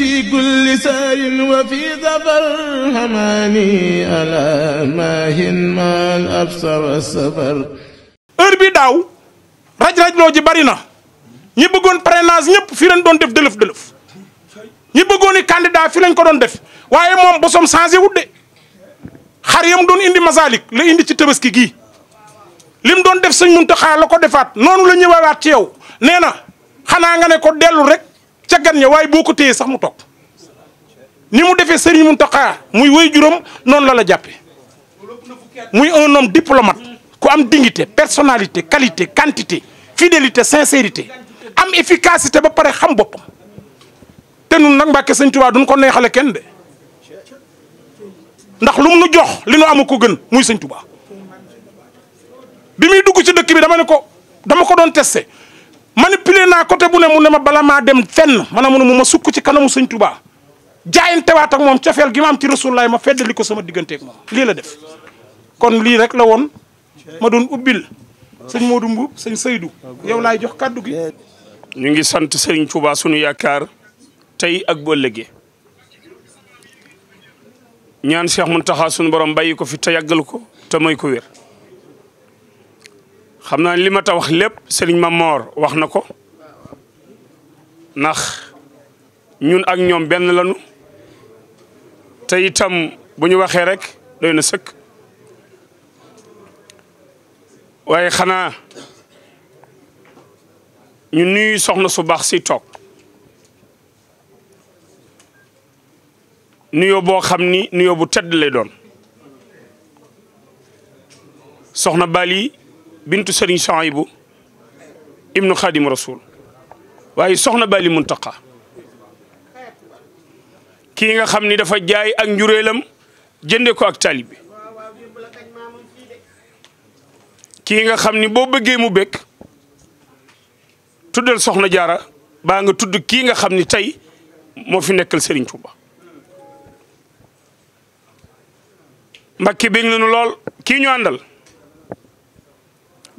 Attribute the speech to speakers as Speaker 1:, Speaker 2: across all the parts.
Speaker 1: في كل سير وفي ظفر حماني ألا ماهن ما الأبصر والسفر
Speaker 2: heure bi daaw raj-raj loo ji bari na ñi bëggoon parrainage ñëpp fi lañ doon def dëlëf dëlëf ñi bëggoon i candidat fi lañ ko doon def waaye moom bosom changé wut de xar yam doon indi masalik la indi ci tabaski gii lim doon def sëñ Muntaxa la ko defaat noonu la ñëwaat ci yow nee na xanaa nga ne ko dellu rek ca gan waaye boo ko téyee sax mu toog ni mu defee Serigne Mountakha muy wéy juróom noonu la la jàppe muy un homme diplomate ku am dignité personnalité qualité quantité fidélité sincérité am efficacité ba pare xam boppam te nun nag Mbàkke Sëñ Tuubaa duñ ko neexale kenn de ndax lu mu nu jox li nu amu ko gën muy Sëñ Tuubaa bi muy dugg ci dëkk bi dama ne ko dama ko doon testé manipuler naa côté bu ne mu ma bala maa dem fenn ma ne mu ne mu ma sukk ci kanamu sëñ Tuubaa jaayantewaat ak moom cofeel gi ma am ci Rasulullaay ma feddali ko sama digganteeg moom lii la def. kon lii rek la woon ma doon ubbil
Speaker 3: sëñ Modou Mbuub sëñ Seydou yow laay jox kàddu gi. ñu ngi sant sëñ Tuubaa sunu yaakaar tey ak bu ñaan ñaan Cheikh Mountakha sunu borom bàyyi ko fi te yàggal ko te may ko weer xam naa li ma ta wax lépp ma Mamor wax na ko ndax ñun ak ñoom benn lañu te itam bu ñu waxee rek doy na sëkk waaye xanaa ñu nuy soxna su baax si toog nuyoo boo xam ni nuyoo bu tedd lay doon soxna Bali bintu sëriñ Souhaïbou ibnu Xaadim Rasul waaye soxna Bali Muntaqa kii nga xam ni dafa jaay ak njureelam jënde ko ak taalibe kii nga xam ni boo bëggee mu bëgg tuddal soxna jaara baa nga tudd kii nga xam ni tey moo fi nekkal Serigne Touba Mbacke bég nañu lool kii ñu àndal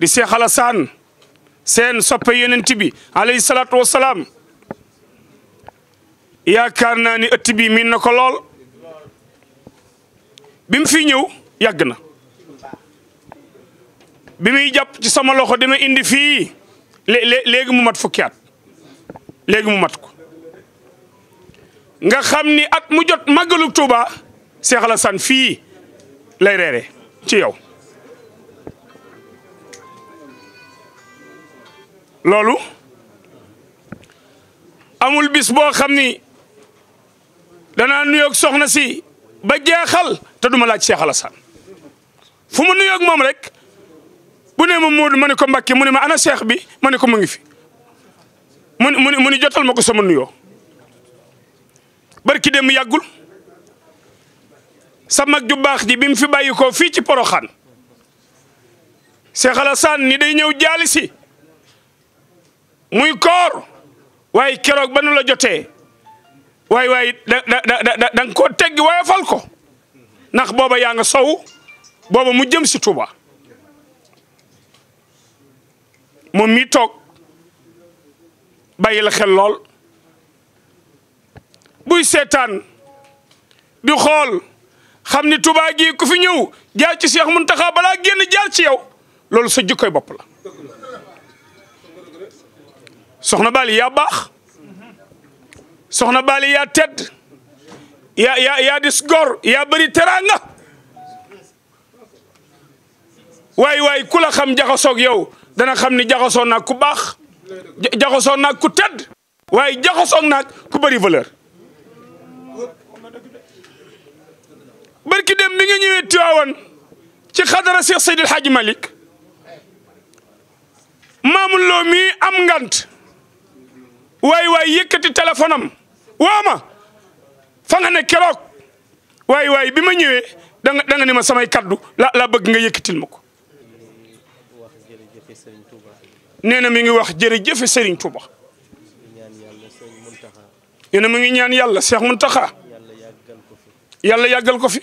Speaker 3: di Cheikh Alassane seen soppe yenent bi alayhi salaatu wasalaam yaakaar naa ni ëtt bi miin na ko lool bi mu fi ñëw yàgg na bi muy jàpp ci sama loxo dama indi fii léegi mu mat fukki at léegi mu mat ko nga xam ni at mu jot màggalu Tuuba Cheikh Alassane fii lay reere ci yow loolu amul bis boo xam ni danaa nuyoog soxna si ba jeexal te duma laaj a Alassane fu mu nuyoog moom rek bu ne ma Moodu ma ne ko Mbacke mu ne ma ana Cheikh bi ma ne ko mu ngi fi mu mu mu ni jotal ma ko sama nuyoo barki dem yàggul sa mag ju baax ji bi mu fi bàyyi ko fii ci Poroxaan Cheikh Alassane ni day ñëw jaali si muy koor waaye keroog ba nu la jotee waay waaye da da da nga koo teggi waaye fal ko ndax booba yaa nga sow booba mu jëm si tuba moom mi toog bàyyi la xel lool buy seetaan di xool xam ni Touba gi ku fi ñëw jaar ci Cheikh Mountakha balaa génn jaar ci yow loolu sa jikkoy bopp la. soxna baal ya baax soxna Bali ya tedd ya yaa yaa dis gor yaa teraanga waay waay ku la xam jaxasoog yow dana xam ni jaxasoo naag ku baax jaxasoo naag ku tedd waaye jaxasoog naag ku bëri valeur barki dem bi nga ñëwee Tiwaawan ci xadara Cheikh Seydil Hadji Malick maamul loo am ngant waay waay yëkkati téléphone am woo ma fa nga ne keroog waay waay bi ma ñëwee da nga ni ma samay kàddu la la bëgg nga yëkkatil ma ko. nee na mi ngi wax jërëjëf Serigne Touba. nee na mu ngi ñaan yàlla Cheikh Mountakha. yàlla yàggal ko fi.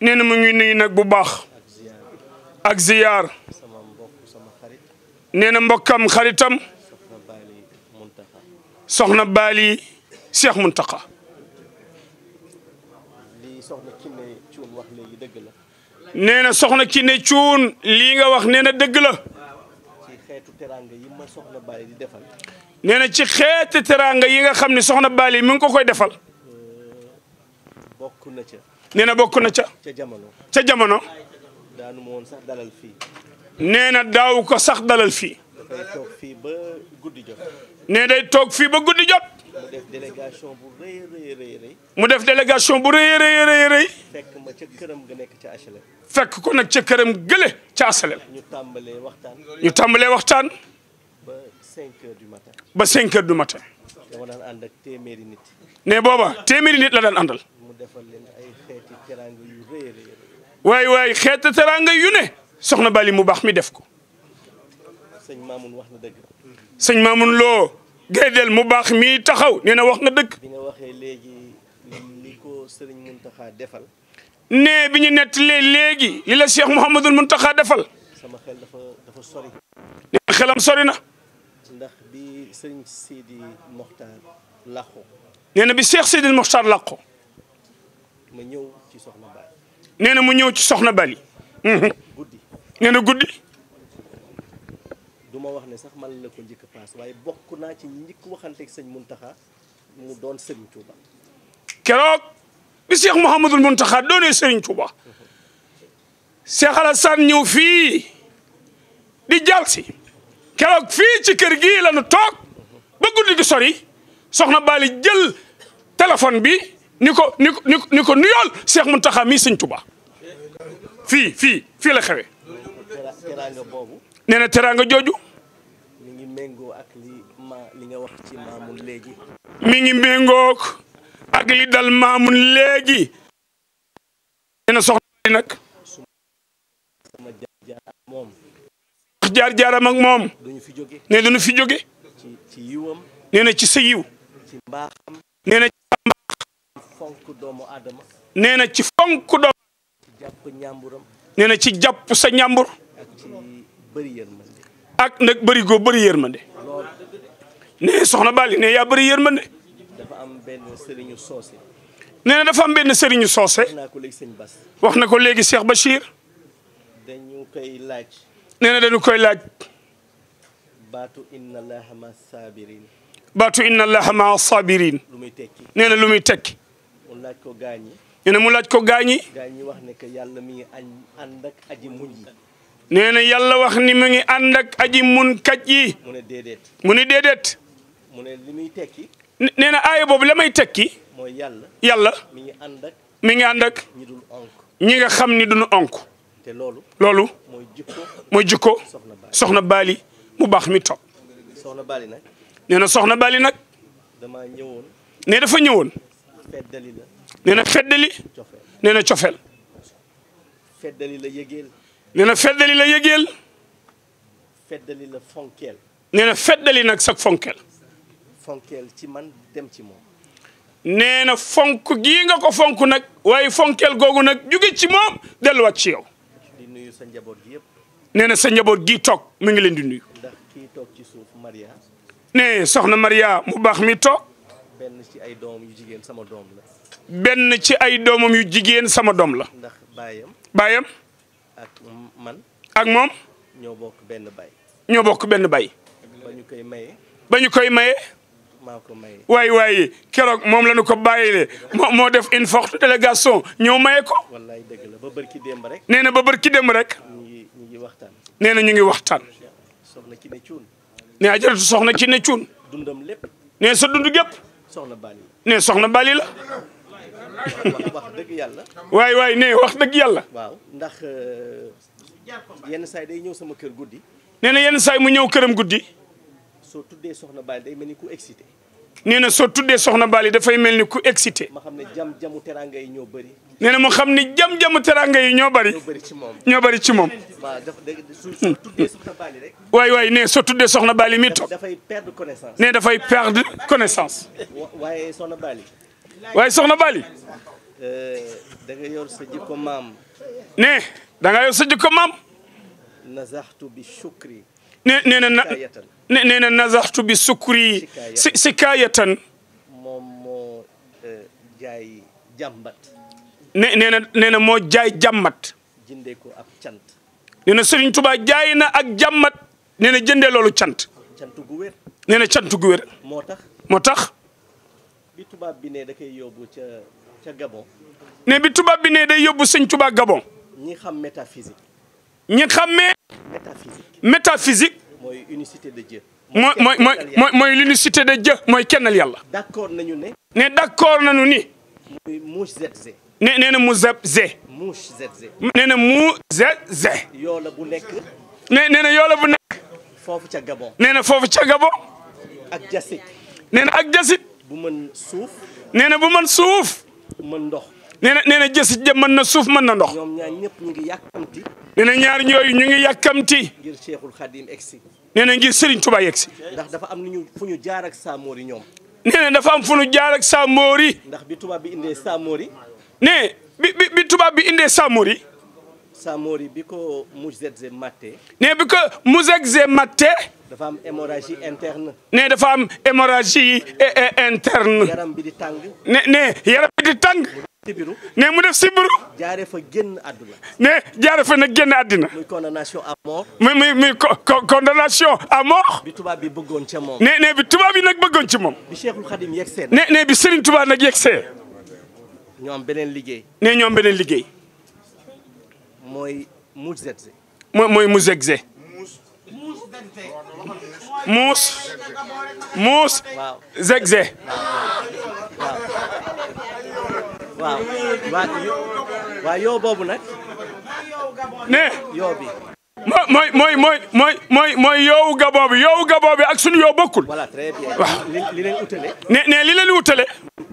Speaker 3: nee na mu ngi nuyu nag bu baax. ak ziyaar. nee na mbokkam xaritam soxna Baali Cheikh Muntaqa. nee na soxna Kiné Cuun lii nga wax nee na dëgg la. nee na ci xeetu teraanga yi nga xam ne soxna Baali mi ngi ko koy defal. nee na bokk na ca. ca jamono.
Speaker 4: daanu ma woon sax dalal
Speaker 3: nee na daaw ko sax dalal fi
Speaker 4: day fii ba guddi jot.
Speaker 3: nee day toog fii ba guddi jot.
Speaker 4: mu def délégation bu rëy
Speaker 3: rëy mu def délégation bu rëy a rëy
Speaker 4: fekk ma ca këram ga nekk ca
Speaker 3: HLM. fekk ko nag ca këram gële ca HLM.
Speaker 4: ñu tàmbalee waxtaan.
Speaker 3: ñu tàmbalee waxtaan.
Speaker 4: ba 5 du matin. ba 5 heures du matin. dama daan téeméeri nit. ne booba téeméeri nit la daan àndal. mu defal leen ay
Speaker 3: xeeti yu ne. soxna Bali mu baax mi def ko. sëñ Mamoun wax na dëgg. sëñ Mamoun loo géddel mu baax mi taxaw nee na wax na dëgg. bi nga waxee
Speaker 4: léegi li ko sëriñ Mountakha defal.
Speaker 3: nee bi ñu nettalee léegi li la Cheikh Mouhamadul Mountakha defal.
Speaker 4: sama xel dafa dafa sori. sori na. ndax bi sëriñ Sidi Mokhtar làqu.
Speaker 3: nee na bi Cheikh Sidi Mokhtar làqu.
Speaker 4: ma ñëw ci soxna
Speaker 3: Bali. nee na mu ñëw ci soxna Bali. Mhm. nee na guddi.
Speaker 4: du ma wax ne sax man la ko njëkk paas waaye bokk naa ci njëkk waxanteeg sëñ Mountakha mu doon Serigne Touba.
Speaker 3: keroog bi Cheikh Mouhamadul Mountakha doonee Serigne Touba. Cheikh Alassane ñëw fii di jàll si. keroog fii ci kër gii la ñu toog ba guddi gi sori soxna Bali jël téléphone bi ni ko ni ko ni ko nuyool Cheikh mii sëñ Touba. fii fii fii la xewee.
Speaker 4: teraanga boobu.
Speaker 3: nee na teraanga jooju.
Speaker 4: mu ngi méngoo ak li li nga wax
Speaker 3: ci léegi. mi ngi méngoo ak li dal maamun léegi. nee na nag. sama jaar moom. jaar-jaaram ak moom.
Speaker 4: duñu fi jóge fi jóge. ci ci yiwam. ci sa yiw. ci mbaaxam.
Speaker 3: ci
Speaker 4: fonk doomu aadama.
Speaker 3: nee na ci fonk doomu. nee na ci jàpp sa njàmbur ak nag bëri goo bëri yërmande nee soxna Bali ne yaa bëri yërmande
Speaker 4: dafa am benn sëriñu soose
Speaker 3: nee dafa am benn sëriñu soose wax na ko léegi Cheikh Bachir
Speaker 4: dañu koy laaj
Speaker 3: nee na dañu koy laaj
Speaker 4: baatu inna allaha ma sabirin
Speaker 3: baatu inna allaha ma sabirin nee na lu muy tekki
Speaker 4: mu laaj ko gaañi
Speaker 3: ñu ne mu laaj ko gaañi.
Speaker 4: gaañi wax ne que yàlla mi ngi ànd ak aji muñ yi.
Speaker 3: nee na yàlla wax ni mu ngi ànd ak aji mun kaj yi. mu ne déedéet. mu ne déedéet.
Speaker 4: mu ne li tekki.
Speaker 3: nee na aaya boobu la may tekki. mooy yàlla. yàlla mi ngi ànd ak. mi ngi ànd ak. ñi dul onk. ñi nga xam ni duñu onk. te loolu. loolu. mooy jikko. mooy jikko soxna Baali mu baax mi topp. soxna Baali nag. nee na soxna Baali nag.
Speaker 4: damaa ñëwoon.
Speaker 3: nee dafa ñëwoon. feddali la. nee na feddali nee na cofeel
Speaker 4: feddali la yëgeel
Speaker 3: nee la yëgeel
Speaker 4: feddali la fonkeel
Speaker 3: nee nag sag fonkeel
Speaker 4: fonkeel ci man dem ci moom
Speaker 3: nee na fonk gi nga ko fonk nag waaye fonkeel googu nag jóge ci moom delluwaat ci yow di nuyu sa njaboot gi yëpp nee na sa njaboot gii toog mu ngi leen di nuyu
Speaker 4: ndax kii toog ci suuf Maria
Speaker 3: ne soxna Maria mu baax mi toog
Speaker 4: benn ci ay doom jigéen sama doom la
Speaker 3: benn ci ay doomam yu jigéen sama doom la.
Speaker 4: ndax baayam. baayam. ak man. ak moom. ñoo bokk benn baay.
Speaker 3: ñoo bokk benn baay.
Speaker 4: ba ñu koy maye.
Speaker 3: ba ñu koy maye. maa ko maye. waay waay keroog moom la ñu ko bàyyile moo moo def une forte délégation ñëw maye ko. wallaay dëgg la ba bërki démb rek. nee na ba bërki démb rek. ñu ngi ñu ngi waxtaan. nee na ñu ngi waxtaan. soxna ci ne cuun. nee soxna ci ne cuun. dundam lépp. nee sa dund gépp. soxna Bali. soxna Bali la.
Speaker 4: wax dëgg yàlla. waay waay ne wax dëgg yàlla. waaw ndax euh, yenn saay day ñëw sama kër guddi.
Speaker 3: nee na yenn saay mu ñëw këram guddi.
Speaker 4: soo tuddee soxna Bally day mel ni ku excité.
Speaker 3: nee na soo tuddee soxna baal Bally dafay mel ni ku excité. ma
Speaker 4: xam ne jam jamu teraanga yi ñoo bëri.
Speaker 3: nee na mu xam ne jam jamu teraanga yi ñoo bari ñoo bëri ci moom ñoo bëri ci moom. waaw dafa soo tuddee soxna Bally rek. waay waay nee soo tuddee soxna Bally mi toog.
Speaker 4: dafay perdre connaissance. nee dafay
Speaker 3: perdre connaissance.
Speaker 4: waaye soxna Bally.
Speaker 3: waaye soxna Bali.
Speaker 4: Eh, da nga yor sa jikko maam.
Speaker 3: ne da nga yor sa
Speaker 4: nee nee na na
Speaker 3: nee na nazaxtu bi sukri. si sikaayatan.
Speaker 4: moom moo eh, jaay jàmbat.
Speaker 3: ne nee moo jaay jàmmat.
Speaker 4: jëndee ko ab cant.
Speaker 3: nee na Serigne jaay na ak jàmmat nee na jëndee loolu cant.
Speaker 4: cant gu wér. moo tax. bi tubaab bi ne da koy yóbbu ca ca Gabon.
Speaker 3: ne bi tubaab bi ne day yóbbu sëñ Tuubaa Gabon.
Speaker 4: ñi xam métaphysique.
Speaker 3: ñi xamee. métaphysique métaphysique.
Speaker 4: mooy unicité de Dieu. mooy mooy mooy
Speaker 3: mooy l'unicité de Dieu mooy kennal yàlla.
Speaker 4: d'accord nañu ne.
Speaker 3: ne d'accord nañu ni.
Speaker 4: muy ne nee na mu ZZ. mouche ZZ. nee na mu ZZ. yoo bu nekk.
Speaker 3: ne nee na yoo bu nekk.
Speaker 4: foofu ca Gabon.
Speaker 3: nee na foofu ca Gabon. ak jasit. nee na ak jasit. bu suuf. nee na bu man suuf. mën ndox. nee na nee na jësi jë mën na suuf mën na ndox. ñoom ñaar ñëpp
Speaker 4: ñu ngi yàkkamti. nee na ñaar ñooyu ñu ngi yàkkamti. ngir Cheikhul Khadim egsi.
Speaker 3: nee na ngir Serigne Touba yegsi.
Speaker 4: ndax dafa am ñu fu ñu jaar ak saamoor yi ñoom.
Speaker 3: dafa am fu ñu jaar ak yi. ndax bi tubaab bi indee saamoor yi. nee bi tubaab bi indee saamoor yi.
Speaker 4: saamoor yi bi ko Mujzeze mattee.
Speaker 3: nee bi ko Mujzeze mattee.
Speaker 4: dafa am hémorragie interne.
Speaker 3: ne dafa am hémorragie eh, eh, interne. yaram
Speaker 4: bi di tàng. ne ne
Speaker 3: yaram bi di tàng. sibiru mu def sibiru. jaaree fa génn àdduna. ne fa nag génn àddina.
Speaker 4: muy condamnation à mort.
Speaker 3: muy muy muy condamnation à
Speaker 4: bi tubaab bi bëggoon ca moom. ne ne bi
Speaker 3: tubaab bi nag bëggoon ci moom.
Speaker 4: bi Cheikhul Khadim yegsee. ne ne bi Serigne
Speaker 3: Touba nag yegsee. ñoo am beneen liggéey. ne beneen liggéey. mooy mooy mooy muus muus zegze
Speaker 4: waaw yow boobu
Speaker 3: nag ne bi mooy mooy mooy mooy mooy mooy yow ga yow ga boobu ak suñu yow bokkul. voilà très bien li leen ne ne li leen utale.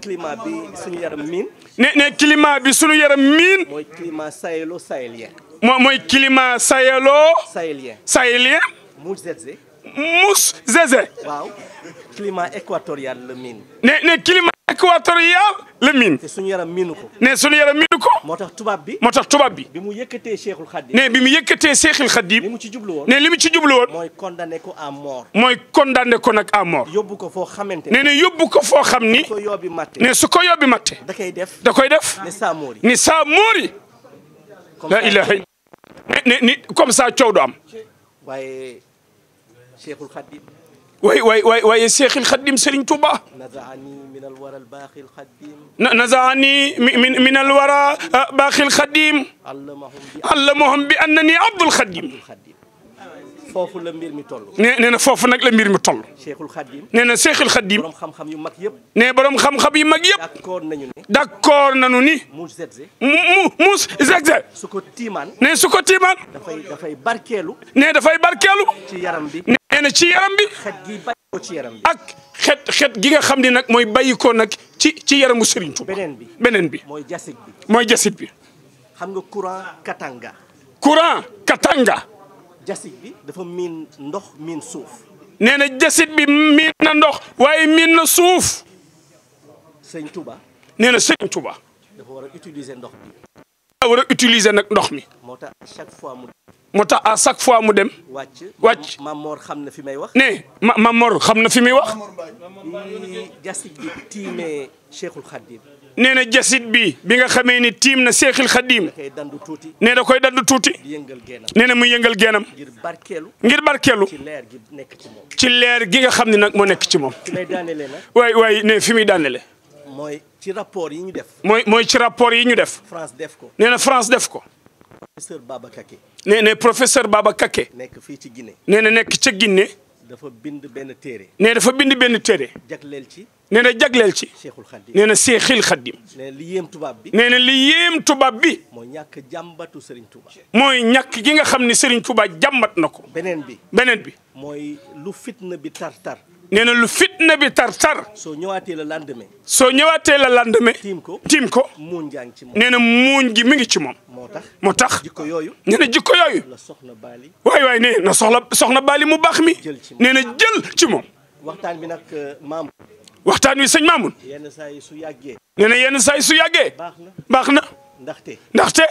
Speaker 4: climat bi suñu yaram miin.
Speaker 3: ne ne climat bi suñu yaram miin. mooy
Speaker 4: climat sahélo sahélien.
Speaker 3: mooy climat sahélo. sahélien sahélien.
Speaker 4: mu waaw climat équatorial la miin.
Speaker 3: ne ne climat équatorial la miin. te suñu yaram ko. ne suñu yaram miinu ko. moo tax tubaab bi. moo tax tubaab bi. bi mu
Speaker 4: yëkkatee Cheikhul Khadim. ne bi mu yëkkatee Cheikhul Khadim. li mu
Speaker 3: ci jublu woon ne li mu ci jublu woon.
Speaker 4: mooy condamné ko à mort.
Speaker 3: mooy condamné ko nag à
Speaker 4: yóbbu ko foo xamante ne. ne yóbbu ko foo xam ni. su ko yóbbi matte ne su ko yóbbi matte.
Speaker 3: da koy def da koy def. ni saa moori ni saa moori. la ilaha ne ni comme ça coow du am. Cheikhul Khadim waay waay waay waaye Cheikhul Khadim Serigne Touba
Speaker 4: nazaani min al wara
Speaker 3: baaxil Khadim nazaani min min al wara uh, baaxil Khadim allamahum bi annani Abdul Khadim
Speaker 4: foofu la mbir
Speaker 3: mi toll. nee nee na foofu nag la mbir mi toll. Cheikhul Khadim nee na Cheikhul Khadim. borom
Speaker 4: xam-xam yu mag yëpp.
Speaker 3: nee borom xam-xam yu mag yëpp. d' accord nañu ni. d' accord nañu ni. mu mu mu zeze. su ko tiimaan. nee su ko tiimaan.
Speaker 4: dafay dafay barkeelu.
Speaker 3: nee dafay barkeelu. ci yaram bi. nee na ci yaram bi. yaram bi. ak xet xet gi nga xam ne nag mooy bàyyi ko nag ci ci yaramu Serigne Touba. beneen bi beneen bi. mooy jasit bi mooy jasit bi.
Speaker 4: xam nga courant katanga. courant katanga. jasit bi dafa miin ndox miin suuf.
Speaker 3: nee na jasit bi miin na ndox waaye miin na suuf. Serigne Touba. nee na Serigne Touba.
Speaker 4: dafa war ndox bi.
Speaker 3: war a utiliser nag ndox mi.
Speaker 4: moo tax à chaque fois mu.
Speaker 3: moo tax à chaque fois mu dem. wàcc wàcc
Speaker 4: Mamor xam na fi may
Speaker 3: wax. ne ma Mamor xam na fi muy wax.
Speaker 2: ni
Speaker 4: jasit bi tiimee Cheikhul Khadim. nee
Speaker 3: na jasit bi bi nga xamee ni tiim na Cheikhul Khadim. nee koy dandu tuuti. nee da koy dandu tuuti. nee na muy yëngal geenam. ngir barkeelu. ngir barkeelu. ci leer
Speaker 4: gi nekk ci moom.
Speaker 3: ci leer gi nga xam ne nag moo nekk ci moom. waay waay ne fi muy daanelee.
Speaker 4: mooy. ci rapport yi ñu def.
Speaker 3: mooy mooy ci rapport yi ñu def. France def ko nee na France def ko.
Speaker 4: professeur Baba Kaké. nee na professeur
Speaker 3: Baba Kaké. nekk fii
Speaker 4: ci Guinée. nee na nekk ca Guinée. dafa bind benn téere. nee dafa bind benn téere. jagleel ci. nee na jagleel ci. Cheikhul Khadim nee na Cheikhul Khadim. nee li yéem tubaab bi. nee na li yéem tubaab bi. mooy ñàkk jàmbatu Serigne Touba.
Speaker 3: mooy ñàkk gi nga xam ni Serigne Touba jàmbat na ko. beneen bi beneen bi.
Speaker 4: mooy lu fitna bi tar-tar.
Speaker 3: nee na lu fitna bi tar tar. soo
Speaker 4: ñëwaatee la lendemain.
Speaker 3: soo ñëwaatee la lendemain. tiim ko tiim ko. muuñ jaa ngi ci moom nee gi mi ngi ci moom. moo tax moo tax. jikko yooyu. nee na jikko yooyu. la soxna baali. waay waay nee na soxla soxna baali mu baax mi. jël ci nee na jël ci moom.
Speaker 4: waxtaan bi nag euh, maam.
Speaker 3: waxtaan wi sëñ Mamoun.
Speaker 4: yenn saa yi su yàggee. yenn saa su yàggee. baax na
Speaker 3: baax na. ndaxte. ndaxte.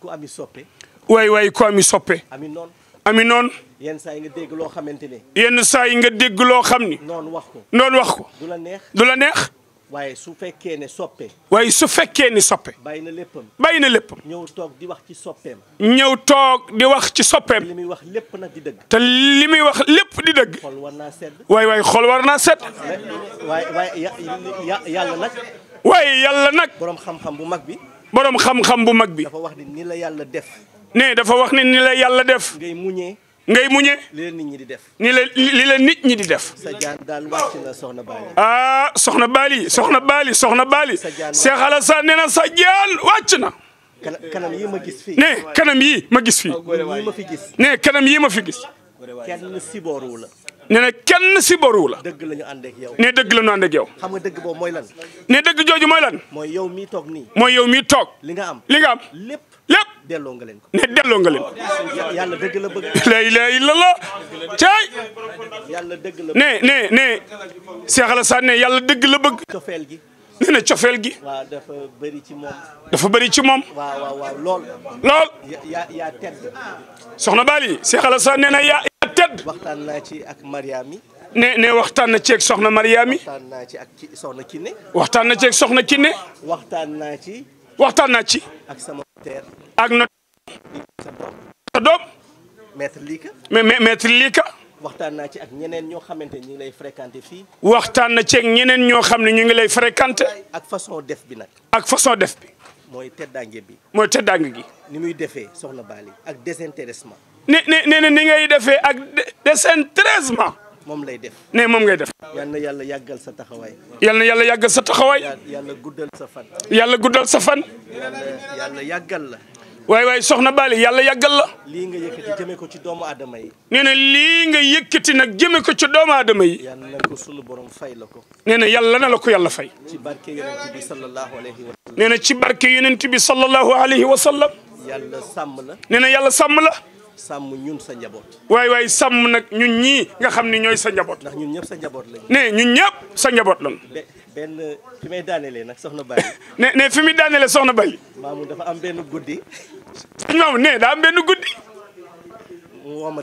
Speaker 4: ku ami soppe.
Speaker 3: waay waay ku ami soppe. ami noon. ami noon
Speaker 4: yenn saa yi nga dégg loo xamante ne. yenn saa yi nga dégg loo xam ni. noonu wax ko noonu wax ko. du la neex du la neex. waaye su fekkee ne soppe.
Speaker 3: waaye su fekkee ne soppe.
Speaker 4: bàyyi na léppam bàyyi na léppam. ñëw toog di wax ci soppeem.
Speaker 3: ñëw toog di wax ci soppeem. li muy wax lépp nag di dëgg. te li muy wax lépp di dëgg. xol war naa sedd. waay waay xol war naa sedd. yàlla nag. waaye yàlla nag. borom xam-xam mag bi. borom xam-xam mag bi. dafa wax ni ni la yàlla def. ne dafa wax ne ni la yàlla def. ngay muñee. ngay muñee.
Speaker 4: li nit ñi di def.
Speaker 3: ni la li la nit ñi di def.
Speaker 4: sa jaan daal wàcc na soxna Baali.
Speaker 3: ah soxna Baali soxna Baali soxna Baali. sa jaan Cheikh Alassane nee na sa jaan wàcc na.
Speaker 4: kanam yi ma gis fii. ne kanam yi ma gis fii.
Speaker 3: ne kanam yii ma fi gis.
Speaker 4: kenn sibooru la.
Speaker 3: nee na kenn sibooru la. dëgg la ñu ànd yow. ne dëgg la ñu ànd ak yow.
Speaker 4: xam nga dëgg boobu mooy lan. ne dëgg jooju mooy lan. mooy yow mii toog nii. mooy yow mii toog. li
Speaker 3: nga am lépp delloo nga leen ko ne delloo nga leen
Speaker 4: yàlla dëgg la bëgg. la ilaha
Speaker 3: illallah caay.
Speaker 4: yàlla dëgg la ne ne
Speaker 3: ne. Cheikh Alassane ne yàlla dëgg la bëgg. cofeel gi. nee na cofeel gi.
Speaker 4: waaw dafa bëri ci moom.
Speaker 3: dafa bari ci moom.
Speaker 4: waaw waaw waaw lool. lool. yaa tedd.
Speaker 3: soxna Bali Cheikh Alassane nee na yaa
Speaker 4: yaa tedd. ci ak Mariam yi.
Speaker 3: ne ne waxtaan na ceeg soxna Mariam yi.
Speaker 4: waxtaan naa ci ak soxna Kiné. waxtaan naa ci.
Speaker 3: waxtaan naa ci. ak sama notaire. ak notaire. sa doom.
Speaker 4: maître mais maître Lika. waxtaan naa ci ak ñeneen ñoo xamante ñu ngi lay fréquenté fii.
Speaker 3: waxtaan na ci ak ñeneen ñoo xam ne ñu ngi lay fréquenté. ak façon def bi nag. ak façon def bi.
Speaker 4: mooy teddaange bi.
Speaker 3: mooy teddaange gi. ni muy
Speaker 4: defee soxna Bali ak désintéressement.
Speaker 3: ni ni ni ngay defee ak désintéressement. moom lay def ne moom ngay def. yal na yàlla yàggal sa taxawaay. yal yàlla yàggal sa taxawaay.
Speaker 4: yàlla guddal sa fan.
Speaker 3: yàlla guddal sa fan.
Speaker 4: yàlla yàggal la.
Speaker 3: waaye waaye soxna Bali yàlla yàggal la.
Speaker 4: lii nga yëkkati ko ci doomu aadama yi.
Speaker 3: nee na lii nga yëkkati nag jëmee ko ca doomu aadama yi.
Speaker 4: yàlla sunu borom fay la ko.
Speaker 3: nee na yàlla na la ko yàlla fay.
Speaker 4: ci barke wa sallam.
Speaker 3: nee na ci barke yonent bi sallallahu alayhi wa sallam.
Speaker 4: la.
Speaker 3: nee na yàlla sàmm la. sàmm ñun sa njaboot. waaye waaye sàmm nag ñun ñii nga xam ne ñooy sa njaboot. ndax ñun ñëpp sa njaboot lañ. ne ñun ñëpp sa njaboot la
Speaker 4: benn fi may nag soxna Bally.
Speaker 3: ne ne fi muy daanelee soxna Bally.
Speaker 4: maamu dafa am benn guddi. sëñ ne daa benn guddi. mu woo ma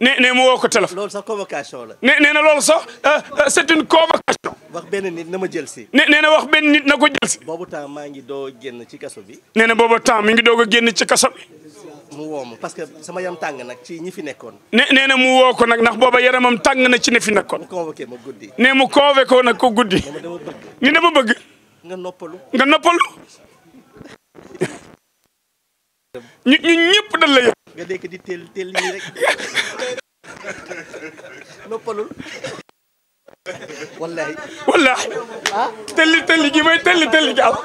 Speaker 3: ne ne mu woo ko téléphone. loolu sax convocation la. ne nee na loolu sax euh, euh, c'est une convocation. wax benn nit na ma jël si. ne nee na wax benn nit na ko jël si. boobu temps
Speaker 4: maa ngi doo génn ci kaso
Speaker 3: bi. nee na boobu temps mi ngi doog a génn ci kaso bi.
Speaker 4: mu woo ma parce que sama yam tàng nag ci ñi fi nekkoon.
Speaker 3: nee nee na mu woo ko nag ndax booba yaramam tàng na ci ne fi nekkoon. mu convoqué ma guddi. nee mu koo ko nag ko guddi. ni dama bëgg. ni dama bëgg. nga noppalu. nga noppalu. ñu ñu ñëpp dañ la yëg. di teel teel lii noppalul. wallahi wallahi tëlli tëlli ji may tëlli tëlli gi am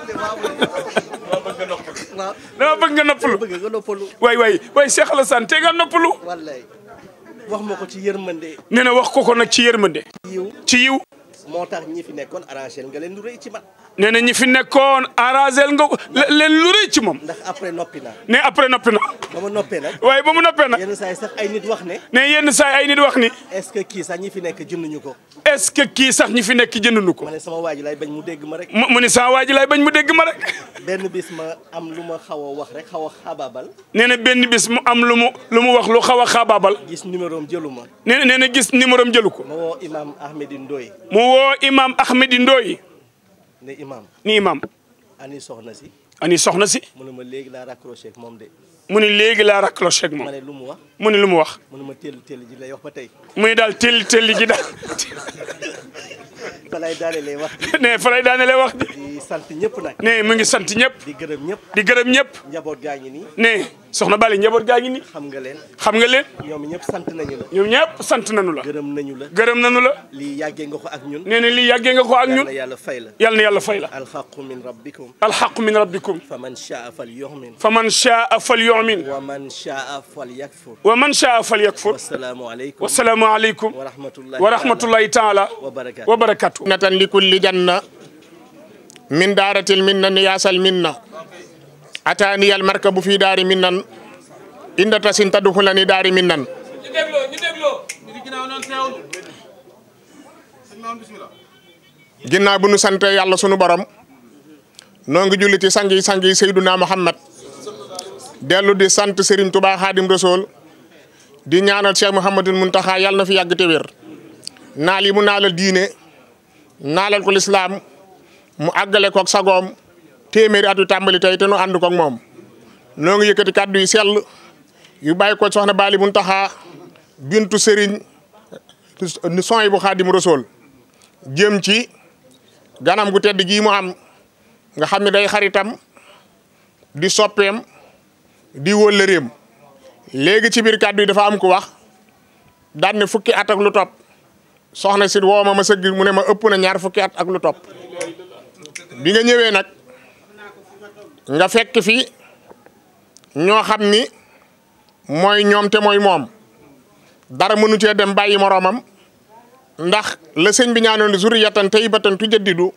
Speaker 3: dama bëgg nga noppalu waay waay waay Cheikh Alassane te nga noppalu wallahi wax ma ko ci yërmande nee na wax ko ko nag ci yërmande ci yiw
Speaker 4: moo tax ñi fi nekkoon arrangé nga leen lu rëy ci man.
Speaker 3: nee na ñi fi nekkoon arrangé nga leen lu rëy ci moom. ndax
Speaker 4: après noppi naa.
Speaker 3: ne après noppi naa.
Speaker 4: ba waaye ba mu noppee nag. yenn saa yi sax ay nit wax ne.
Speaker 3: ne yenn saa ay nit wax ni. est-ce que kii sax ñi fi nekk jënduñu ko. est que kii sax ñi fi nekk jënduñu ko.
Speaker 4: ma ne sama waa ji lay ma rek. mu ne
Speaker 3: sama waa ji lay bañ mu dégg ma rek.
Speaker 4: benn bis ma am lu ma xaw a wax rek xaw a xaabaabal.
Speaker 3: nee na benn bis mu am lu mu lu mu wax lu xaw a xaabaabal. gis numéro am jëlu ma. nee na gis numéro am jëlu ko.
Speaker 4: mu woo imaam Ahmedi Ndoye.
Speaker 3: mu woo imaam Ahmedi Ndoye. ne imaam ni imaam. soxna si. ani soxna si.
Speaker 4: mu ne ma léegi laa raccroché moom
Speaker 3: mu ni léegi laa raccroché ak lu mu wax. mu ne lu mu wax.
Speaker 4: mu ne ma teel teel ji lay wax ba tey.
Speaker 3: muy daal teel teel ji daal.
Speaker 4: fa lay daanelee wax
Speaker 3: ne fa lay daanelee wax
Speaker 4: di sant ñëpp nag ne
Speaker 3: mu ngi sant ñëpp di gërëm ñëpp di gërëm gaa ngi nii soxna Bali njaboot gaa ngi nii. xam nga leen xam nga leen. ñoom ñëpp sant nañu la. ñoom ñëpp sant nañu la. gërëm nañu la gërëm nañu la. lii yàggee nga ko ak ñun. nee na lii yàggee nga ko ak ñun. yal na yàlla fay la yal na yàlla fay la. alxaqu min
Speaker 4: rabbikum. alxaqu min rabbikum. fa man shaa fal yu'min.
Speaker 3: fa man shaa fal yu'min. wa man shaa fal yakfur. wa man shaa fal yakfur. wasalaamualeykum
Speaker 5: wasalaamualeykum.
Speaker 4: wa rahmatulahi wa rahmatulahi taala. wa barakaatu wa
Speaker 5: barakaatu. natan li kulli janna. min daaratil minna niyaasal minna ataani yal markabu fii daari min nan inda tasin tadxulani daari min nan ginnaaw bu nu sante yàlla sunu borom noo ngi julli ci sangi sangi Seyduna Muhammad dellu di sant Serigne Touba Xaadim Rasool di ñaanal Cheikh Mouhamadul Muntaxa yàlla na fi yàgg te wér mu naalal diine naalal ko lislaam mu àggale koog sagoom téeméeri at yu tàmbali tey te nu ànd koog moom noo ngi yëkkati kàddu yu sell yu bàyyi ko soxna Baali taxaa bintu Sëriñ Suhaybu Xaadimu Rasuul jëm ci ganam gu tedd gii mu am nga xam ne day xaritam di soppeem di wëllëreem léegi ci biir kàddu yi dafa am ku wax daan ne fukki at ak lu topp soxna si woo ma ma sëgg mu ne ma ëpp na ñaar fukki at ak lu topp bi nga ñëwee nag. nga fekk fi ñoo xam ni mooy ñoom te mooy moom dara mënu cee dem bàyyi moroomam ndax la sëñ bi ñaanoon zuriyatan tayyibatan tujaddidu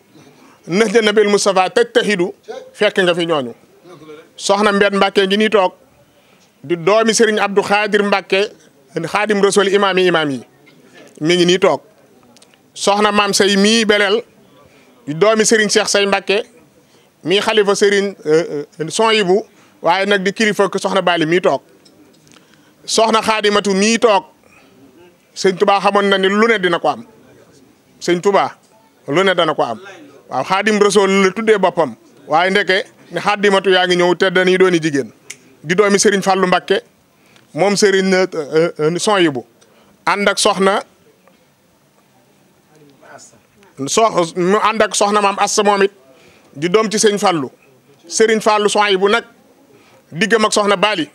Speaker 5: nahja nabil Mustafa tajtahidu fekk nga fi ñooñu soxna Mbène Mbacke ngi nii toog di doomi sëriñ Abdou Khadir Mbacke Khadim Rasul imaam yi imaam yi mi ngi nii toog soxna maam say mii beleel di doomi Serigne Cheikh say Mbacke mii xalifa Serigne euh, euh, Sonhibou waaye nag di kilifa soxna Bali mii toog soxna Xaadimatu mii toog sëñ Touba xamoon na ni lu ne dina ko am sëñ Touba lu ne dana ko am waaw Xaadim Rasool la tuddee boppam waaye ndeke ne Xaadimatu yaa ngi ñëw te dañuy dooni jigéen di doomi Serigne Fallou Mbakke moom Serigne euh, Sonhibou ànd ak soxna so mu soxna maam Assa moom it di doom ci sëñ Fallou sëriñ Fallou son yi bu nag diggam ak soxna Bali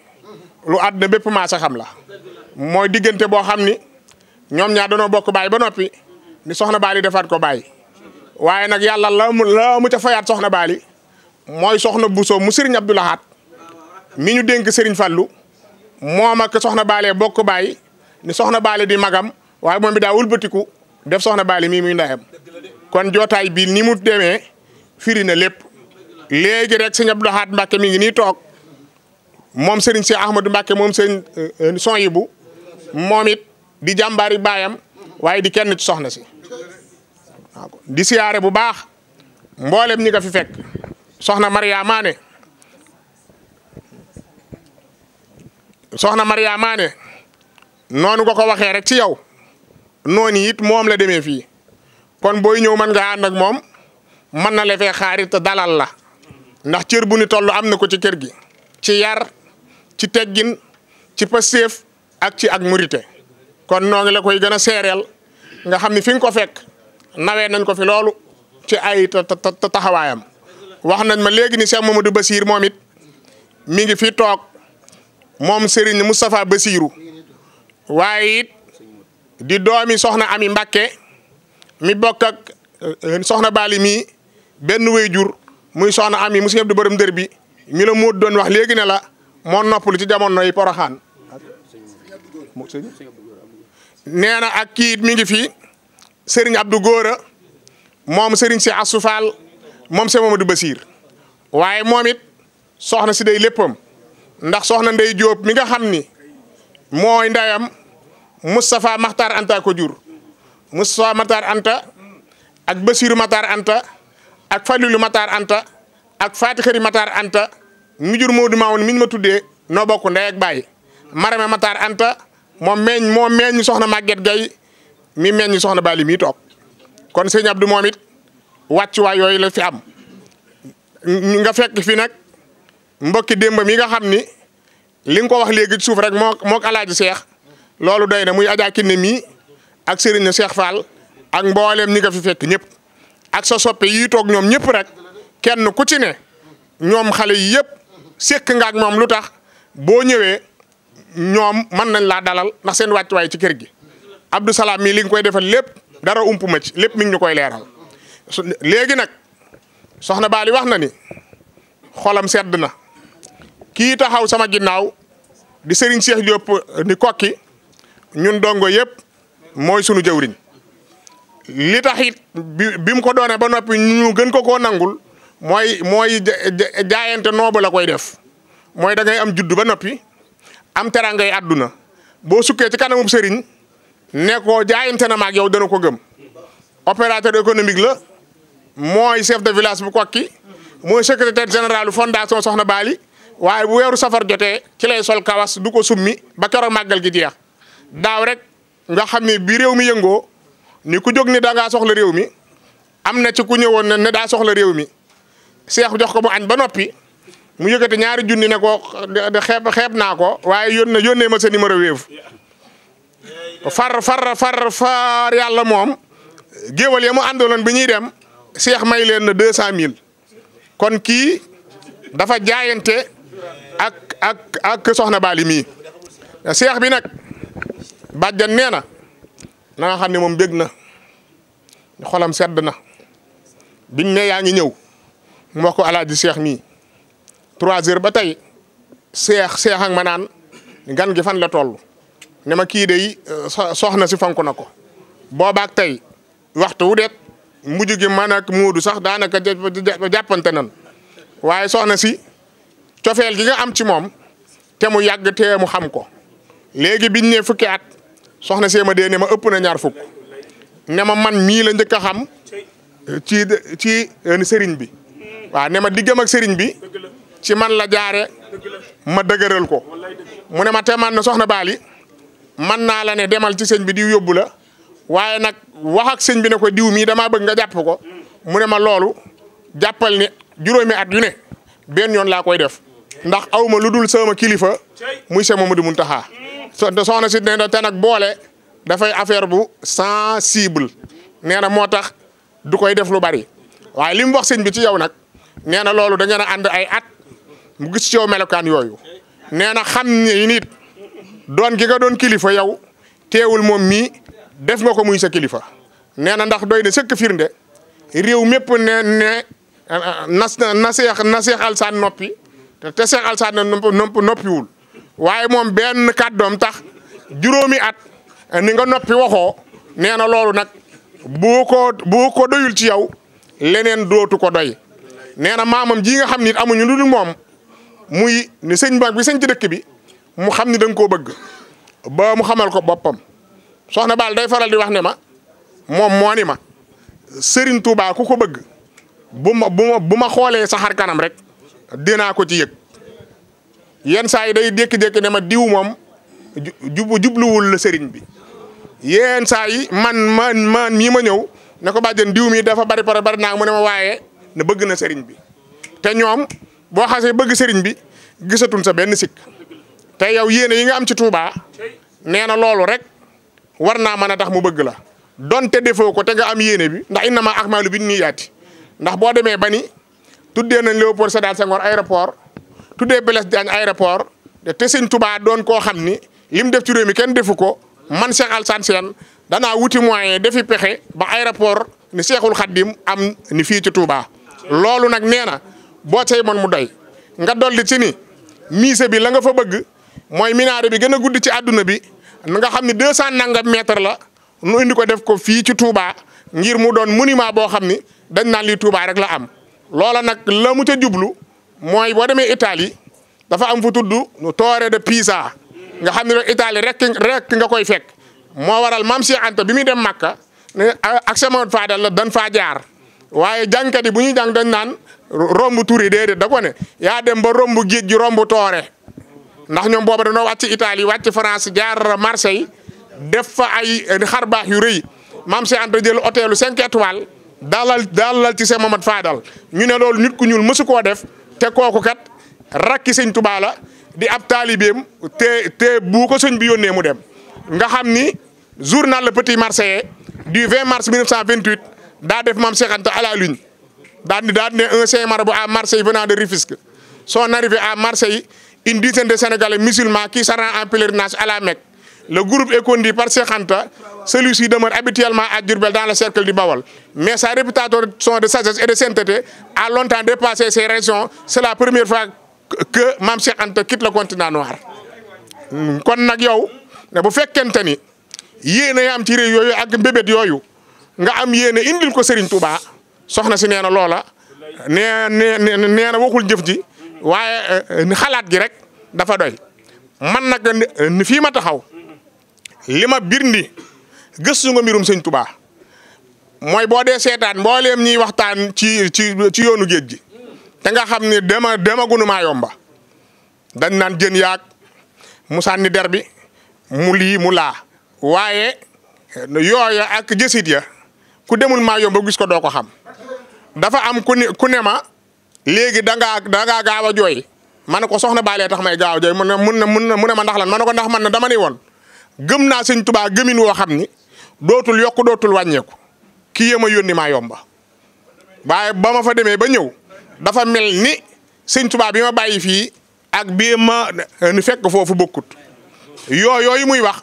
Speaker 5: lu àdduna bépp maa sa xam la mooy diggante boo xam ni ñoom ñaar danoo bokk baay ba noppi ni soxna baali defaat ko baay waaye nag yàlla la mu la mu ca fayaat soxna baali mooy soxna Bousso mu sëriñ Abdou Lahad mi ñu dénk sëriñ Fallou moom ak soxna Baalee bokk baay ni soxna Baalee di magam waaye moom bi daa wëlbatiku def soxna Bali mii muy ndeyam kon jootaay bii ni mu demee. firi na lépp léegi rek sëñ Abdou Lahad Mbacke mi ngi nii toog moom sëriñ si Ahmadou Mbacke moom sëriñ euh, euh, Soyibu moom it di jàmbaari baayam waaye di kenn ci soxna si waaw di siyaare bu baax mboolem ñi nga fi fekk soxna Maria Maane soxna Maria Maane noonu nga ko waxee rek ci yow noonu it moom la demee fii kon booy ñëw mën nga ànd ak moom mën na le fee xaari te dalal la ndax cër bu ni toll am na ko ci kër gi ci yar ci teggin ci pasteef ak ci ak murite kon noo la koy gën a seereel nga xam ni fi ko fekk nawee nañ ko fi loolu ci ay taxawaayam wax nañ ma léegi ni Cheikh Mamadou Bassir moom it mi ngi fi toog moom Serigne Moustapha Bassirou waaye it di doomi soxna Ami Mbakke mi bokk euh, soxna Bali mii benn wéyjur muy soxna am yi mu sëñ Abdou Borom dër bi mi la moo doon wax léegi ne la moo noppalu ci jamono yi poroxaan nee na ak kii it mi ngi fii sëriñ Abdou Góora moom sëriñ si Assou Fall moom sëñ Mamadou Basir waaye moom it soxna si day léppam ndax soxna Ndey Jóob mi nga xam ni mooy ndayam Moustapha Makhtar Anta ko jur Moustapha Makhtar Anta ak Basiru Makhtar Anta ak Falilu Matar Anta ak Faati Xëri Matar Anta mi jur Moodu Maamun mi ñu ma tuddee noo bokku ndey ak baay Marame Matar Anta moom meññ moo meññ soxna Maguette Gaye mi meññ soxna Bali mii toog kon sëñ Abdou moom it wàccuwaay yooyu la fi am nga fekk fi nag mbokki démb mi nga xam ni li nga ko wax léegi suuf rek moo moog alaaji seex loolu doy na muy Adja Kiné mii ak Serigne Seex Fall ak mboolem ñi nga fi fekk ñëpp. ak sa soppe yii toog ñoom ñëpp rek kenn ku ci ne ñoom xale yi yëpp sekk nga ak moom lu tax boo ñëwee ñoom mën nañ laa dalal ndax seen wàccuwaay ci kër gi. Abdou Salaam mii li nga koy defal lépp dara ump ma ci lépp mi ngi ñu koy leeral léegi nag soxna Baali wax na ni xolam sedd na kii taxaw sama ginnaaw di sëriñ Cheikh Diop ni kokki ñun dongo yëpp mooy sunu jëwriñ. li tax bi bi mu ko doonee ba noppi ñu gën ko koo nangul mooy mooy jaayante noobu la koy def mooy da ngay am juddu ba noppi am terangay àdduna boo sukkee ci kanamu sëriñ ne ko jaayante na maag yow dana ko gëm opérateur économique la mooy chef de village bu kokki mooy secrétaire généralu fondation Soxna Baali waaye bu weeru safar jotee ci lay sol kawas du ko summi ba keroog màggal gi jeex daaw rek nga xam ne bi réew mi yëngoo. ni ku jóg ni da ngaa soxla réew mi am na ci ku ñëwoon na ne daa soxla réew mi seex jox ko mu añ ba noppi mu yëkkati ñaari junni ne ko xeeb naa ko waaye yónnee yónnee ma sa numéro wéev far far far far yàlla moom géwal ya mu àndaloon bi ñuy dem seex may leen na deux cent mille kon kii dafa jaayante ak ak ak soxna Bali mii seex bi nag bàjjan nee na na nga xam ni moom bég na xolam sedd na biñ ne yaa ngi ñëw mu wax ko alaaji seex mii trois heures ba tey seex seex ak ma naan gan gi fan la toll ne ma kii dey eh, soxna si fonk na ko boobaak tey waxtu wu det mujj gi man ak sax daanaka jàppante nan waaye soxna si cofeel gi nga am ci moom te mu yàgg te mu xam ko léegi biñ ne at soxna Séema dee ne ma ëpp na ñaar fukk ne ma man mii la njëkk a xam ci ci euh, sëriñ bi waaw ne ma diggam ak sëriñ bi ci man la jaare ma dëgëral ko mu ne ma te man na soxna Baali man naa la ne demal ci sëñ bi diw yóbbu la waaye nag wax ak sëñ bi ne ko diw mii damaa bëgg nga jàpp ko mu ne ma loolu jàppal ni juróomi at yu ne benn yoon laa koy def ndax awma lu dul sama kilifa muy Seex Mamadu Muntaxa soxna si nee na te boole dafay affaire bu sensible nee na moo tax du koy def lu bari waaye li mu wax sëñ bi ci yow nag nee na loolu da ngeen a ànd ay at mu gis ci yow melokaan yooyu nee na xam ni nit doon gi doon kilifa yow teewul moom mii def nga ko muy sa kilifa nee na ndax doy na sëkk firnde réew mépp ne ne eh, eh, nas na na seex na seex alsaan noppi te seex alsaan noppiwul. waaye moom benn kàddoom tax juróomi at ni nga noppi waxoo nee na loolu nag bu ko bu ko doyul ci yow leneen dootu ko doy nee na maamam jii nga xam ni amuñu lu lu moom muy ni sëñ bag bi sëñ ci dëkk bi mu xam ni da nga koo bëgg ba mu xamal ko boppam soxna Baal day faral di wax ne ma moom mooni ma Serigne Touba ku ko bëgg bu ma bu ma xoolee sa kanam rek dinaa ko ci yëg yenn saa yi day dékki jékki ne ma diw moom jub jubluwul la sëriñ bi yenn saa yi man man maan mii ma ñëw ne ko bàjjen diw mi dafa bari pare bari naa mu ne ma waaye ne bëgg na sëriñ bi te ñoom boo xasee bëgg sëriñ bi gisatuñ sa benn sikk te yow yéene yi nga am ci Touba nee na loolu rek war naa mën a tax mu bëgg la donte defoo ko te nga am yéene bi ndax na innamaa a'maalu bin niyyaati ndax boo demee ba ni tuddee nañ Léopold Sédar Senghor aéroport tuddee Blaise Diagne aéroport te Sëñ Tuubaa doon koo xam ni li def ci réew mi kenn defu ko man Cheikh Alassane Sène danaa wuti moyen defi pexe ba aéroport ni Cheikhul Khadim am ni fii ci Touba. loolu nag nee na boo cay mën mu doy nga dolli ci ni musée bi la nga fa bëgg mooy minaare bi gën a gudd ci àdduna bi nga xam ni deux cent nangam mètre la nu indi ko def ko fii ci Touba ngir mu doon monument boo xam ni dañ naan li Touba rek la am loola nag la ca jublu. mooy boo demee Italie dafa am fu tudd nu toore de Pisa nga xam ne nag itali rek rek nga koy fekk moo waral maam Cheikh Anta bi muy dem Makka ah, ak sama faadal la dan faa jaar waaye jàngkat yi bu ñuy jàng dañ naan romb turi déedéet da kone yaa dem ba romb géej gi romb toore ndax ñoom booba dañoo wàcc Italie wàcc France jaar Marseille def fa ay xar baax yu rëy maam Cheikh Anta jël hôtelu 5 étoiles daal dalal ci sama mat faadal ñu ne loolu nit ku ñuul mësu koo def te kooku kat rakki sëñ Tuubaa la di ab taalibeem te te bu ko sëñ bi yónnee mu dem nga xam ni journal Le Petit Marseillais du 20 mars 1928 daa def maam Cheikh Anta à la lune daa daa ne un saint marabout à Marseille venant de Rufisque son arrivée à Marseille une dizaine de Sénégalais musulmans qui se rend en pèlerinage à la Mecque le groupe est par Cheikh Anta celui-ci demeure habituellement à Durbel dans le cercle du Bawal. Mais sa réputation de sagesse et de sainteté a longtemps dépassé ses raisons. C'est la première fois que Mam Cheikh Anta quitte le continent noir. kon nag yow ne bu fekkente ni yéene yi am ci réew ak mbébét yooyu nga am yéene indil ko Serigne Touba soxna si nee na loola nee waxul jëf ji waaye eh, xalaat gi rek dafa doy man nag fii ma taxaw li birndi gëstu nga mbirum sëñ tubaa mooy boo dee seetaan mbooleem ñiy waxtaan ci ci ci yoonu géej gi te nga xam ne dema demagunu maa yomba dañ naan jën yaag mu sànni der bi mu lii mu laa waaye yooya ak jësit ya ku demul maa yomba gis ko doo ko xam dafa am ku ne ku ne ma léegi da ngaa da ngaa a jooy ma ko soxna baalee tax may gaaw a jooy mu ne mun na mun na mu ne ma ndax lan ma ne ko ndax man na dama ne woon gëm naa sëñ tubaa gëmin woo xam ni dootul yokk dootul wàññeeku kii yéem a yónni maa yomba waaye ba ma fa demee ba ñëw dafa mel ni sëñ Tuubaa ma bàyyi fii ak bii ma ni fekk foofu bokkut yoo yooyu muy wax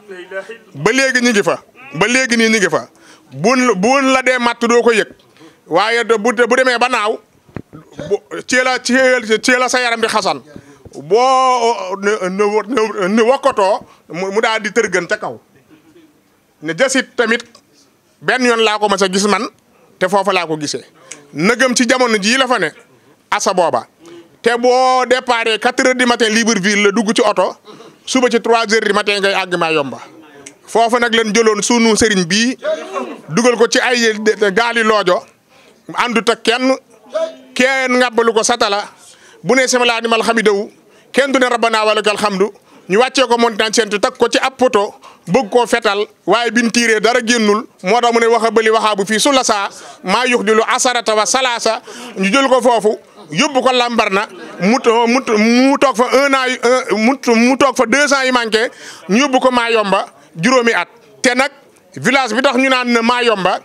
Speaker 5: ba léegi ñu ngi fa ba léegi nii ñu ngi fa buñ la dee matt doo ko yëg waaye bu bu demee ba naaw ci la ci sa yaram bi xasan boo ne wokkatoo mu daal di tërgën ca kaw ne jasit tamit benn yoon laa ko mas a gis man te foofa laa ko gise nëgëm ci jamono jii la fa ne asa booba te boo départ quatre heures du matin Libreville la dugg ci oto suba ci trois heures di matin ngay àgg maa yomba foofa nag leen jëloon sunu sëriñ bi dugal ko ci ay gaali loojo àndut ak kenn kenn ngàbbalu ko satala bu ne sama laa ni mal xamidawu kenn du ne rabbana walakal hamdu ñu wàccee ko montagne seentu tag ko ci ab bëgg ko fetal waaye bin tiiree dara génnul moo tax mu ne waxa bëli waxaa bu fii su la saa maa yux di lu asarata wa salaasa ñu jël ko foofu yóbbu ko lambar na mu mu toog fa un an mu mu toog fa deux ans yi manqué yóbbu ko maa yomba juróomi at te nag village bi tax ñu naan ne maa yomba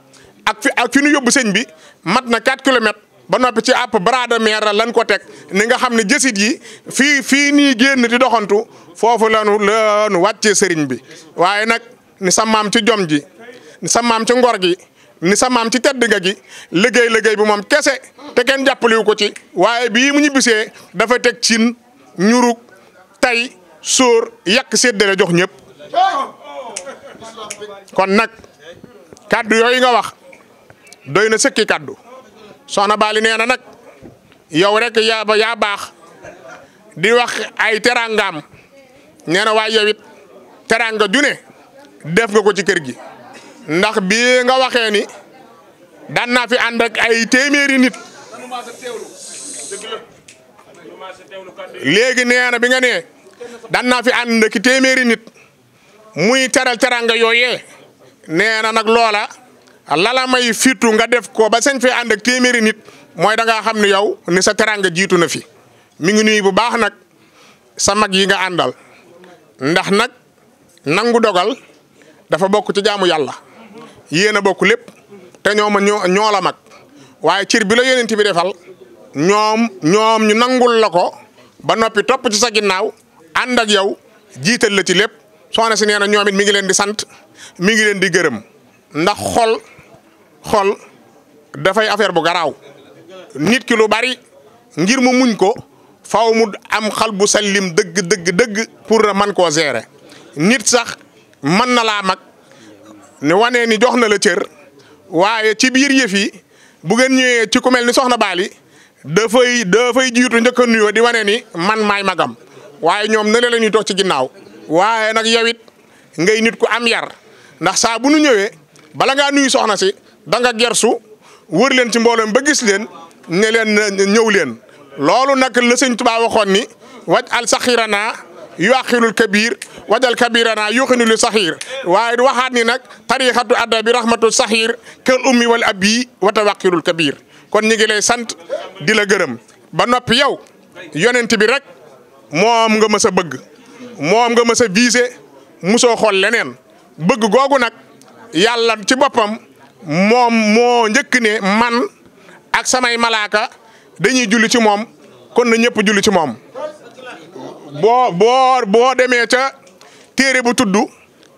Speaker 5: ak fi ak fi ñu yóbbu sëñ bi mat na 4 kilomètres ba noppi ci app bras de lan ko teg ni nga xam ne jësit yi fii fii nii génn di doxantu foofu la nu la nu wàccee sëriñ bi waaye nag ni sa ci jom ji ni sa ci ngor gi ni sa ci tedd nga gi liggéey liggéey bi moom kese te kenn jàppalewu ko ci waaye bii mu ñu bisee dafa teg cin ñurug tay sóor yàq séddale jox ñépp kon nag kàddu yooyu nga wax doy na sëkki kàddu soxna Bali nee na nag yow rek yaa yaa baax di wax ay teraangaam nee na waaye yow it ne def nga ko ci kër gi ndax bii nga waxee ni daan naa fi ànd ay téeméeri nit léegi nee bi nga nee daan naa fi ànd ak téeméeri nit muy teral teraanga yooyee nee na nag loola lalamay may nga def ko ba sañ fee ànd ak téeméeri nit mooy danga xam ne yow ni sa teraanga jiitu na fi mi ngi nuyu bu baax nag sa mag yi nga àndal. ndax nag nangu dogal dafa bokk ci jaamu yàlla yéen a bokk lépp te ñoom a ñoo mag waaye cir bi la yonent bi defal ñoom ñoom ñu nangul la ko ba noppi topp ci sa ginnaaw ànd ak yow jiital la ci lépp soxna si nee na ñoom it mi ngi leen di sant mi ngi leen di gërëm ndax xol xol dafay affaire bu garaaw nit ki bari ngir mu muñ ko. faw mu am xal bu sallim dëgg dëgg dëgg pour man koo seere nit sax man na laa mag ne wanee ni jox na la cër waaye ci biir yëf yi bu ngeen ñëwee ci ku mel ni soxna Baali dafay dafay jiitu njëkk nuyoo di wanee ni man maay magam waaye ñoom ne la ñuy ci ginnaaw waaye nag yow it ngay nit ku am yar ndax saa bu nu ñëwee bala ngaa nuyu soxna si da nga gersu wër leen ci mboolem ba gis leen ne leen ñëw leen. loolu nag la sëñ Tuubaa waxoon ni waj al saxirana yu axirul kabir wajal kabirana yuxinu lu saxir waaye waxaat ni nag tarixatu adda bi rahmatul saxir kal ummi wal abi wa tawaqirul kabir kon ñu ngi lay sant dila gërëm ba noppi yow yonent bi rek moom nga mës a bëgg moom nga mës a visé musoo xool leneen bëgg googu nag yàlla ci boppam moom moo njëkk ne man ak samay malaaka dañuy julli ci moom kon na ñëpp julli ci moom boo boo boo demee ca téere bu tudd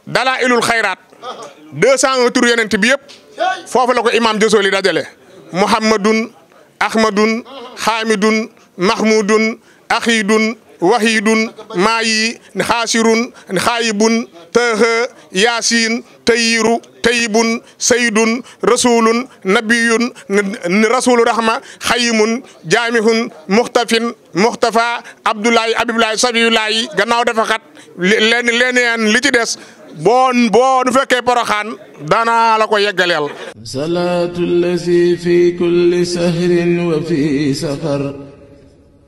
Speaker 5: dala ilul xayraat deux cent tur yonent bi yëpp foofu la ko imaam Josoli dajale muhammadun ahmadun xaamidun mahmudun axidun wahidun maayi xaasirun xaayibun tëhë yaasiin tayiru tayibun saydun rasulun nabiyun rasulu rahma xayimun jaamihun muxtafin muxtafa abdoulaye abibulaye safiyulayi gannaaw dafa xat leen leeneen li ci des boo boo nu fekkee poroxaan danaa la
Speaker 1: ko yeggaleel salaatu fi kulli sahrin wa fi safar